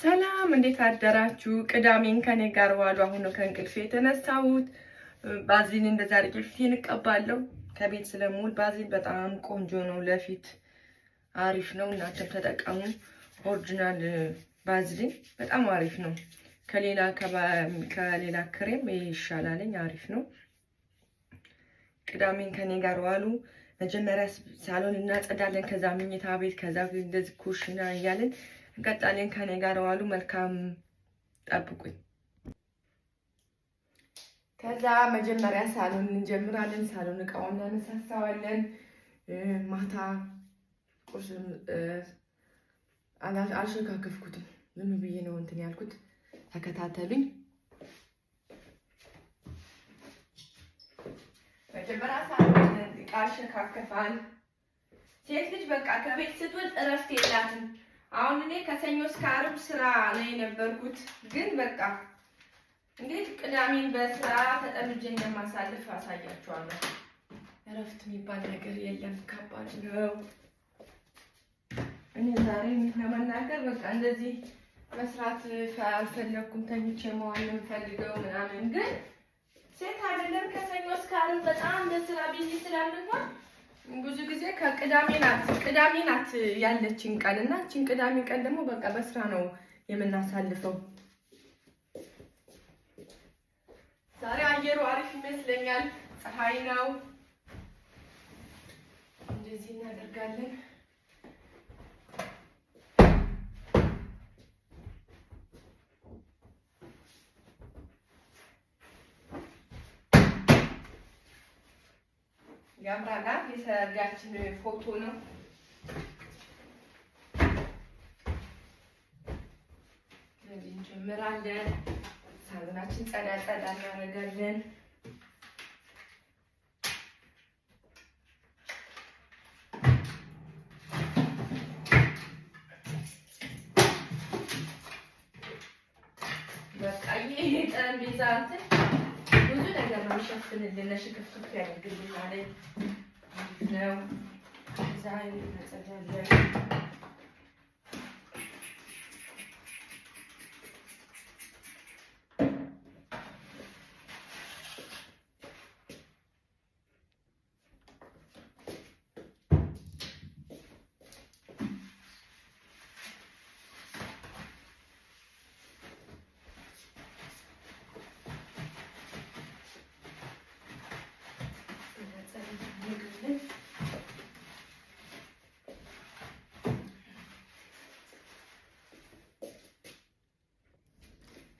ሰላም እንዴት አደራችሁ? ቅዳሜን ከኔ ጋር ዋሉ። አሁን ነው ከእንቅልፍ የተነሳሁት። ባዚን እንደዛ አድርጌ ፊቴን እቀባለሁ ከቤት ስለምውል። ባዚን በጣም ቆንጆ ነው፣ ለፊት አሪፍ ነው። እናንተም ተጠቀሙ። ኦሪጂናል ባዝሊን በጣም አሪፍ ነው። ከሌላ ከሌላ ክሬም ይሻላልኝ፣ አሪፍ ነው። ቅዳሜን ከኔ ጋር ዋሉ። መጀመሪያ ሳሎን እናጸዳለን፣ ከዛ ምኝታ ቤት፣ ከዛ እንደዚህ ኩሽና እያለን ቀጣኔን ከኔ ጋር ዋሉ። መልካም ጠብቁኝ። ከዛ መጀመሪያ ሳሎን እንጀምራለን። ሳሎን እቃውን እናነሳሳዋለን። ማታ ቁርስ አልሸካከፍኩትም፣ ዝም ብዬ ነው እንትን ያልኩት። ተከታተሉኝ። መጀመሪያ ሳሎን እቃ አልሸካከፋል። ሴት ልጅ በቃ ከቤት ስትወጥ እረፍት የላትም። አሁን እኔ ከሰኞ እስከ ስራ ነው የነበርኩት። ግን በቃ እንዴት ቅዳሜን በስራ ተጠምጄ እንደማሳልፍ አሳያችኋለሁ። እረፍት የሚባል ነገር የለም። ከባድ ነው። እኔ ዛሬ ለመናገር በቃ እንደዚህ መስራት አልፈለኩም። ተኝቼ መዋል የምፈልገው ምናምን ግን ሴት አይደለም ከሰኞ እስከ በጣም በስራ ቢዚ ስላልሆን ብዙ ጊዜ ከቅዳሜ ናት ቅዳሜ ናት ያለችን ቀን እና እችን ቅዳሜ ቀን ደግሞ በቃ በስራ ነው የምናሳልፈው። ዛሬ አየሩ አሪፍ ይመስለኛል። ፀሐይ ነው። እንደዚህ እናደርጋለን። ያምራላት የሰርጋችን ፎቶ ነው። እንጀምራለን። ሳሎናችን ጸዳ ጸዳ እናደርጋለን። በቃ ይሄ ጠረጴዛ እንትን ነገር ነው የሚሸፍንልን፣ ለሽክፍክፍ ያደርግልናል ነው እዛ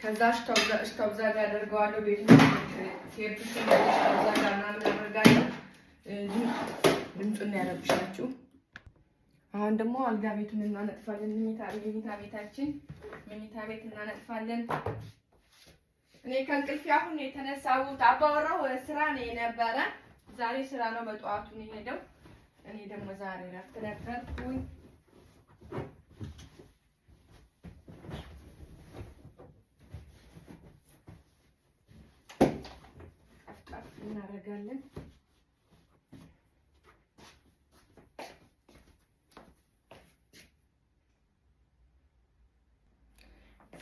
ከዛ እስከው እዛ ጋር አደርገዋለሁ። ቤት ቴፕ እዛ ጋር ምናምን አደርጋለሁ። ድምፁን ያረብሻችሁ። አሁን ደግሞ አልጋ ቤቱን እናነጥፋለን። መኝታ ቤታችን መኝታ ቤት እናነጥፋለን። እኔ ከእንቅልፌ አሁን ነው የተነሳሁት። አባወራው ስራ ነው የነበረ። ዛሬ ስራ ነው በጠዋቱ ነው የሄደው። እኔ ደግሞ ዛሬ ረፍት ነበርኩኝ። እናደርጋለን።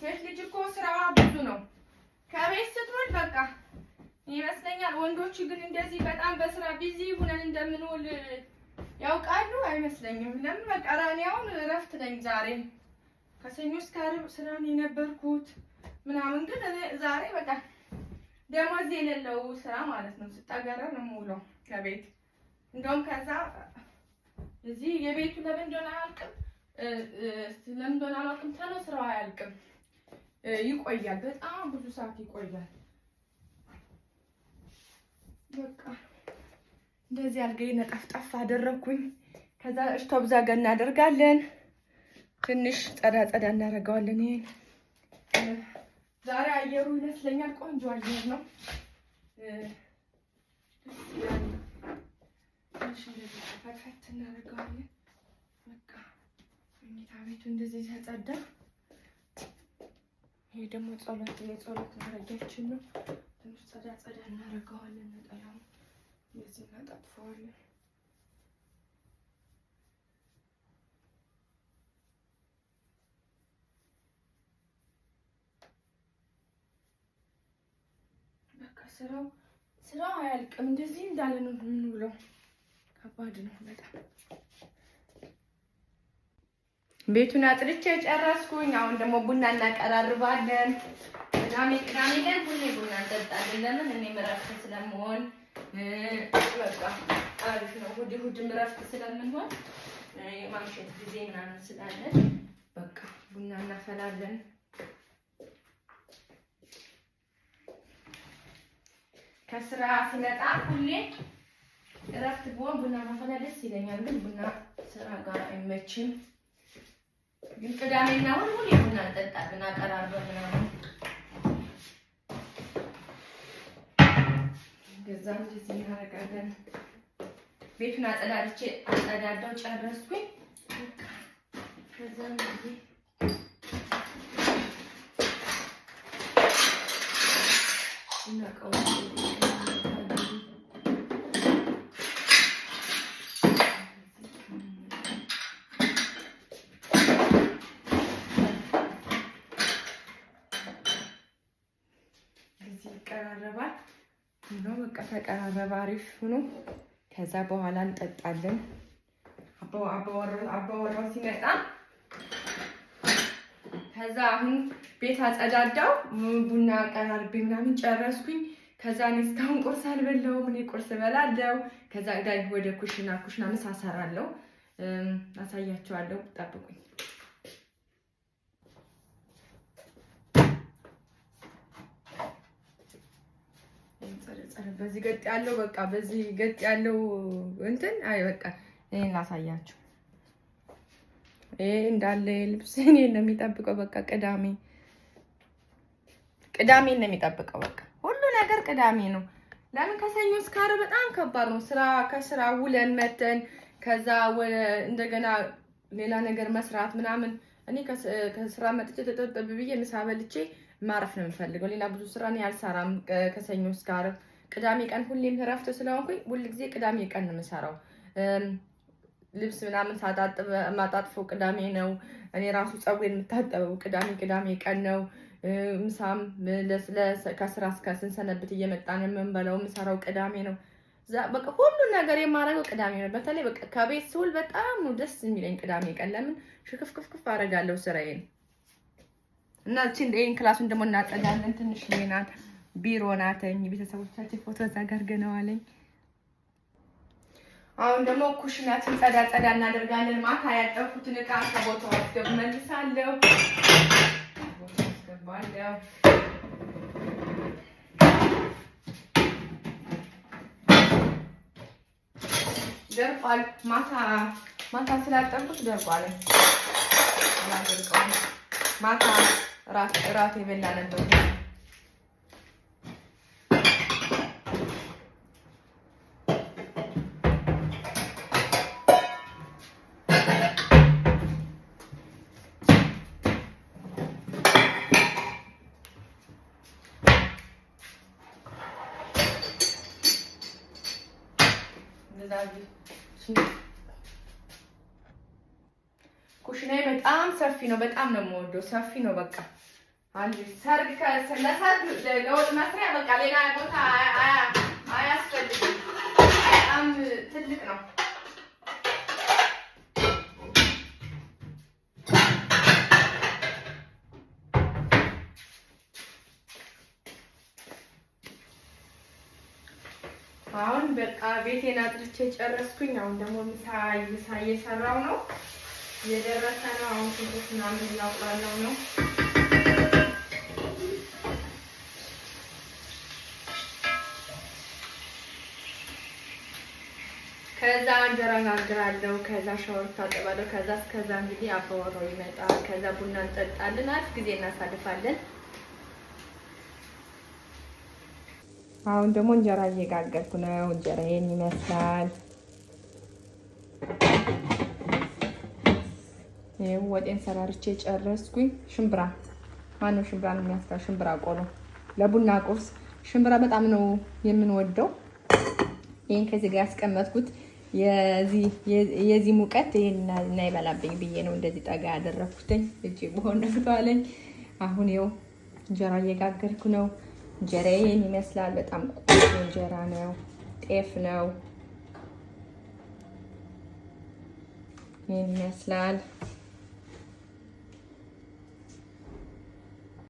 ሴት ልጅ እኮ ስራዋ ብዙ ነው። ከቤት ስትውል በቃ ይመስለኛል። ወንዶች ግን እንደዚህ በጣም በስራ ቢዚ ሁነን እንደምንውል ያውቃሉ አይመስለኝም። ለምን በቃ እኔ አሁን እረፍት ነኝ ዛሬ ከሰኞ እስከ ዓርብ ስራ የነበርኩት ምናምን፣ ግን ዛሬ በቃ ደሞዝ የሌለው ስራ ማለት ነው። ስጠገረር ነው የምውለው ከቤት እንደውም ከዛ እዚህ የቤቱ ለምን እንደሆነ አያልቅም፣ ለምን እንደሆነ አላውቅም። ተነው ስራው አያልቅም፣ ይቆያል፣ በጣም ብዙ ሰዓት ይቆያል። በቃ እንደዚህ አልገኝ ነጠፍጣፍ አደረግኩኝ። ከዛ እስቶብ ዛጋ እናደርጋለን። ትንሽ ጸዳ ጸዳ እናደርገዋለን ይሄን ዛሬ አየሩ ይመስለኛል ቆንጆ አየር ነው። ፈትፈት እናደርገዋለን። በቃ መኝታ ቤቱ እንደዚህ ተጸዳ። ይሄ ደግሞ ጸሎት የጸሎት ማድረጊያችን ነው። ትንሽ ጸዳ ጸዳ እናደርገዋለን። ነጠላውን እንደዚህ እናጠጥፈዋለን። ስራው ስራው አያልቅም። እንደዚህ እንዳለ ነው የምንውለው። ከባድ ነው በጣም። ቤቱን አጥርቼ ጨረስኩኝ። አሁን ደግሞ ቡና እናቀራርባለን። ቅዳሜ ቅዳሜ ላይ ሁሌ ቡና እንጠጣለን። ለምን እኔ እረፍት ስለመሆን በቃ አሪፍ ነው። እሑድ እሑድም እረፍት ስለምንሆን የማምሸት ጊዜ ምናምን ስላለን በቃ ቡና እናፈላለን። ከስራ ስመጣ ሁሌ እረፍት ብሆን ቡና ማፈላ ደስ ይለኛል፣ ግን ቡና ስራ ጋር አይመችም። ግን ቅዳሜና እሑድ ሁሌ ቡና እንጠጣለን አቀራርበን ምናምን። ገዛ እንደዚህ እናደርጋለን። ቤቱን አጸዳድቼ አጸዳዳው ጨረስኩኝ። ከዛ እንግዲህ ይቀራረባል ነው ተቀራረበ። አሪፍ ሆኖ ከዛ በኋላ እንጠጣለን። አባወራው ሲመጣ ከዛ አሁን ቤት አጸዳዳው ቡና ቀራርቤ ምናምን ጨረስኩኝ። ከዛ እኔ እስካሁን ቁርስ አልበላሁም። እኔ ቁርስ እበላለሁ። ከዛ ጋር ወደ ኩሽና ኩሽና ምሳ ሰራለሁ። አሳያቸዋለሁ። ጠብቁኝ። በዚህ ገጥ ያለው በቃ በዚህ ገጥ ያለው እንትን አይ በቃ ይሄን ላሳያችሁ ይሄ እንዳለ ልብስ እኔን ነው የሚጠብቀው። በቃ ቅዳሜ ቅዳሜን ነው የሚጠብቀው። በቃ ሁሉ ነገር ቅዳሜ ነው። ለምን ከሰኞ እስከ ዓርብ በጣም ከባድ ነው። ስራ ከስራ ውለን መተን ከዛ እንደገና ሌላ ነገር መስራት ምናምን። እኔ ከስራ መጥቼ ተጠጠብ ብዬ ምሳ በልቼ ማረፍ ነው የምፈልገው። ሌላ ብዙ ስራ እኔ አልሰራም። ከሰኞ እስከ ዓርብ ቅዳሜ ቀን ሁሌም እረፍት ስለሆንኩኝ ሁልጊዜ ቅዳሜ ቀን ነው የምሰራው። ልብስ ምናምን ሳጣጥበ የማጣጥፈው ቅዳሜ ነው። እኔ ራሱ ፀጉር የምታጠበው ቅዳሜ ቅዳሜ ቀን ነው። ምሳም ከስራ እስከ ስንሰነብት እየመጣን የምንበለው የምሰራው ቅዳሜ ነው። በቃ ሁሉ ነገር የማረገው ቅዳሜ ነው። በተለይ በቃ ከቤት ስውል በጣም ደስ የሚለኝ ቅዳሜ ቀን። ለምን ሽክፍክፍክፍ አደርጋለሁ ስራዬን እና እቺን ይህን ክላሱን ደግሞ እናጸዳለን። ትንሽ ናት ቢሮ ናተኝ ቤተሰቦቻችን ፎቶ ዘጋርገነዋለኝ አሁን ደግሞ ኩሽናችን ጸዳ ጸዳ እናደርጋለን። ማታ ያጠፉትን እቃ ከቦታው አስገብ መልሳለሁ። ደርቋል። ማታ ማታ ስላጠፉት ደርቋል። ማታ ራት ራት እራት የበላነበት እንደዚህ ኩሽናዬ በጣም ሰፊ ነው። በጣም ነው የምወደው። ሰፊ ነው በቃ አንድ ሰርግ ለሰርግ ለወጥ መስሪያ በቃ ሌላ ቦታ አያስፈልግም። በጣም ትልቅ ነው። በቃ ቤቴን አጥርቼ ጨረስኩኝ። አሁን ደግሞ ምሳ እየሰራው ነው፣ እየደረሰ ነው። አሁን ሽንኩርት ምናምን እናቁላለው ነው ከዛ እንጀራ ከዛ ሻወር ታጠባለሁ። ከዛ እስከዛ እንግዲህ አባወራው ይመጣል። ከዛ ቡና እንጠጣለን። አሪፍ ጊዜ እናሳልፋለን። አሁን ደግሞ እንጀራ እየጋገርኩ ነው። እንጀራዬን ይመስላል። ይሄው ወጤን ሰራርቼ ጨረስኩኝ። ሽምብራ ማነው ሽምብራ ነው የሚያስታ ሽምብራ ቆሎ ለቡና ቁርስ ሽምብራ በጣም ነው የምንወደው። ይሄን ከዚህ ጋር ያስቀመጥኩት የዚህ ሙቀት ይሄን እና ይበላብኝ ብዬ ነው እንደዚህ ጠጋ ያደረኩትኝ። እጅ በሆነ አሁን ይኸው እንጀራ እየጋገርኩ ነው። እንጀራዬን ይመስላል። በጣም ቆንጆ እንጀራ ነው። ጤፍ ነው ይህን ይመስላል።